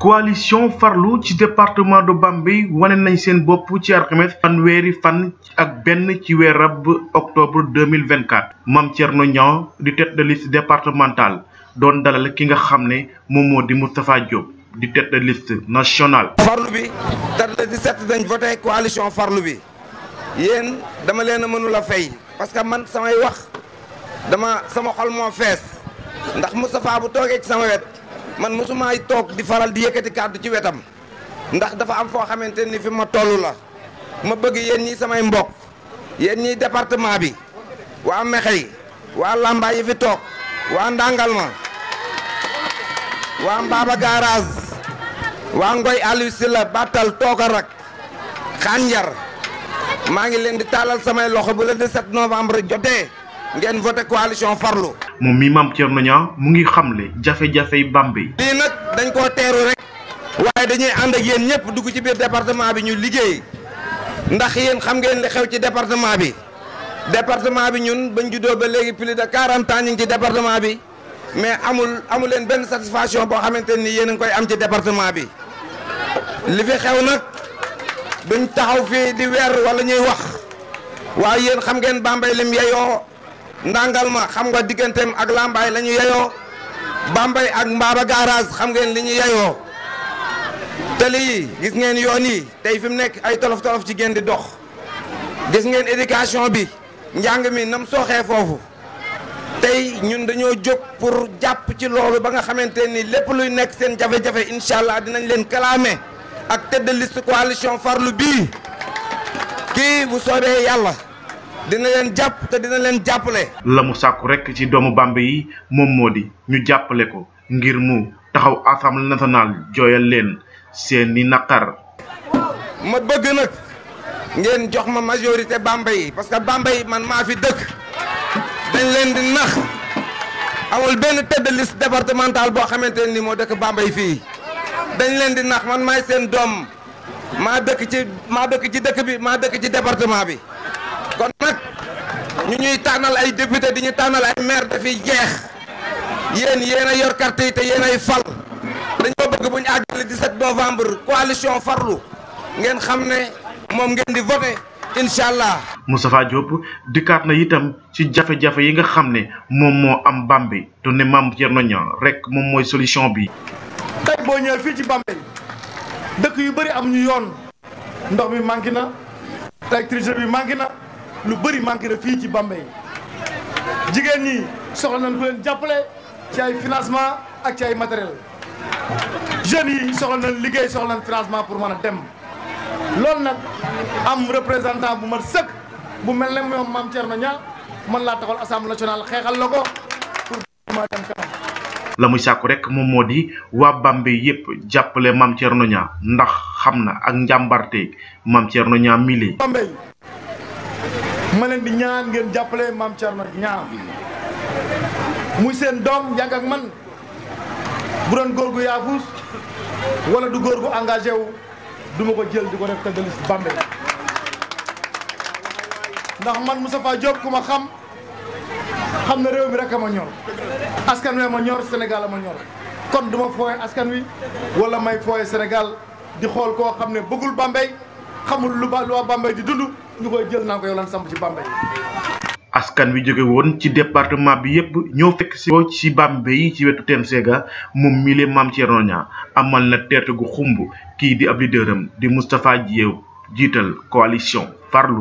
coalition farlu ci département bam bi wane nañ seen bopp ci alxames fanweeri fan ak benn ci weer rab octobre 2024 Mame Thierno Niang di tête de liste départementale doon dalal ki nga xam ne moom moo di Moustapha Diop di tête de liste nationale farlu bi tête de 17 dañ voté coalition farlu bi yéen dama leen a mënul a fay parce que man samay wax dama sama xol moo fees ndax Moustapha bu toogee ci sama wet man mosumaay toog di faral di yëkkati kàddu ci wetam ndax dafa am foo xamante ni fi ma toll la ma bëgg yéen ñi samay mbokk yéen ñi département bi waa Mexey waa Lamba yi fi toog waa Ndangalma waa Mbaba garage waa Ngoy Aliou Sylla Battal Toogarak Xanjar maa ngi leen di taalal samay loxo bu le 17 novembre jotee ngeen voté coalition farlu. moom mi maam Thierno Niang mu ngi xam xamle jafe-jafey Bambey. lii nag dañ koo teeru rek. waaye dañuy ànd ak yéen ñëpp dugg ci biir département bi ñu liggéey ndax yéen xam ngeen li xew ci département bi département bi ñun bañ juddoo ba léegi plus de 40 ans ñu ngi ci département bi mais amul amu leen benn satisfaction boo xamante ni yéen a ngi koy am ci département bi li fi xew nag duñ taxaw fii di weer wala ñuy wax waaye yéen xam ngeen Bambey lim yeyoo. ndàngal xam nga digganteem ak làmbaay la ñu yeyoo bambay ak mbaaba garage xam ngeen li ñu yeyoo tali yi gis ngeen yoon yi tey fi mu nekk ay tolof tolof ci ngeen di dox gis ngeen éducation bi njàng mi nam sooxee foofu tey ñun dañoo jóg pour jàpp ci loolu ba nga xamante ni lépp luy nekk seen jafe-jafe incha allah dinañ leen kalaame ak tête de liste coalition farlu bii kii bu soobee yàlla dina leen jàpp te dina leen jàppale. la mu sàkku rek ci doomu Bambey yi moom moo di ñu jàppale ko ngir mu taxaw assemblée nationale jooyal leen seeni naqar. ma bëgg nag ngeen jox ma majorité Bambey yi parce que Bambey yi man maa fi dëkk dañ leen di nax amul benn tête de liste boo xamante ni moo dëkk Bambey fii dañ leen di nax man maay seen doom maa dëkk ci maa dëkk ci dëkk bi maa dëkk ci département bi. kon nag ñu ñuy tànnal ay député di ñu tànnal ay maire dafiy jeex yéen yéen a yor yi te yéen ay fal dañoo bëgg bu ñu àggale 17 novembre coalition farlu ngeen xam ne moom ngeen di voté incha allah. Moustapha Diop dikkaat na itam ci jafe-jafe yi nga xam ne moom moo am Bambey te ne maam Thierno Niang rek moom mooy solution bi. tey boo ñëwee fii ci Bambey dëkk yu bëri am ñu yoon ndox bi manqué na électricité bi manqué na. lu bëri manqué na fii ci Bambey jigéen ñi soxla nañ ku jàppale ci ay financement ak ci ay matériel jeunes yi soxla nañ liggéey soxla nañ financement pour mën a dem loolu nag am représentant bu mat sëkk bu mel ne moom maam Thierno Niang mën laa taxawal assemblée nationale xeexal la ko pour ma dem rek moom moo di waa Bambey yëpp jàppale maam Thierno Niang ndax xam na ak njàmbarte maam Thierno Niang mile. Bambey ma leen di ñaan ngeen jàppale maam Thierno ñaam muy seen doom yàgg ak man bu doon góor gu yaafus wala du góor gu engagé wu du ko jël di ko def tëdd liste ndax man Moustapha Diop ku ma xam xam na réew mi rek a ma ñor askan wi ma ñor Sénégal a ma ñor kon du ma fooye askan wi wala may fooye Sénégal di xool koo xam ne bëggul Bambey xamul lu ba lu di dund. ñu koy jël naan ko yow lan askan wi jóge woon ci département bi yépp ñoo fekk si ko ci Bambey ci wetu Temsega moom mile Mame Thierno amal na teerte gu xumb kii di ab leaderam di Moustapha Dièye jiital coalition farlu.